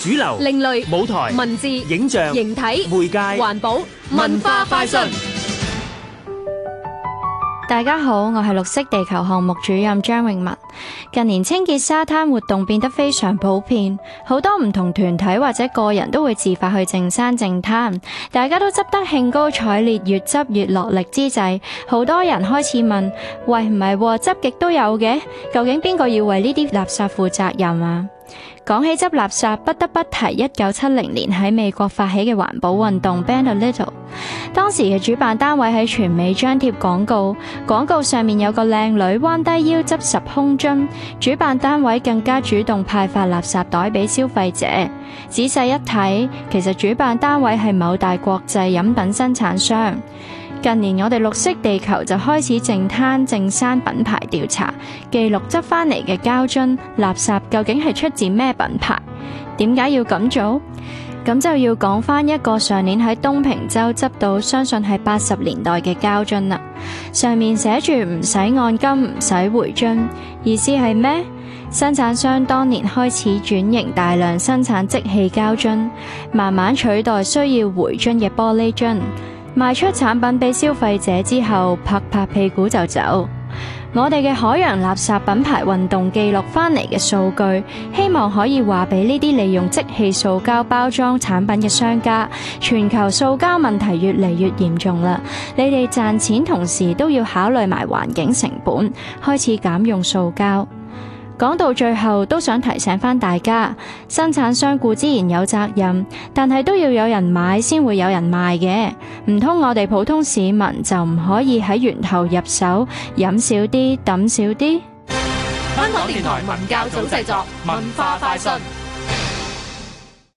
主流、另類舞台、文字、影像、形體、媒介、環保、文化、快進。大家好，我係綠色地球項目主任張永文。近年清潔沙灘活動變得非常普遍，好多唔同團體或者個人都會自發去淨山淨灘，大家都執得興高采烈，越執越落力之際，好多人開始問：喂，唔係執極都有嘅，究竟邊個要為呢啲垃圾負責任啊？講起執垃圾，不得不提一九七零年喺美國發起嘅環保運動。Bend a little，當時嘅主辦單位喺全美張貼廣告，廣告上面有個靚女彎低腰執拾空樽。主辦單位更加主動派發垃圾袋俾消費者。仔細一睇，其實主辦單位係某大國際飲品生產商。近年我哋綠色地球就開始淨灘淨山品牌調查，記錄執返嚟嘅膠樽垃圾究竟係出自咩品牌？點解要咁做？咁就要講翻一個上年喺東平洲執到，相信係八十年代嘅膠樽啦，上面寫住唔使按金唔使回樽，意思係咩？生產商當年開始轉型大量生產即棄膠樽，慢慢取代需要回樽嘅玻璃樽。賣出產品俾消費者之後，拍拍屁股就走。我哋嘅海洋垃圾品牌運動記錄翻嚟嘅數據，希望可以話俾呢啲利用即棄塑膠包裝產品嘅商家：全球塑膠問題越嚟越嚴重啦，你哋賺錢同時都要考慮埋環境成本，開始減用塑膠。講到最後都想提醒翻大家，生產商固然有責任，但係都要有人買先會有人賣嘅。唔通我哋普通市民就唔可以喺源頭入手，飲少啲，抌少啲？香港電台文教組製作，文化快訊。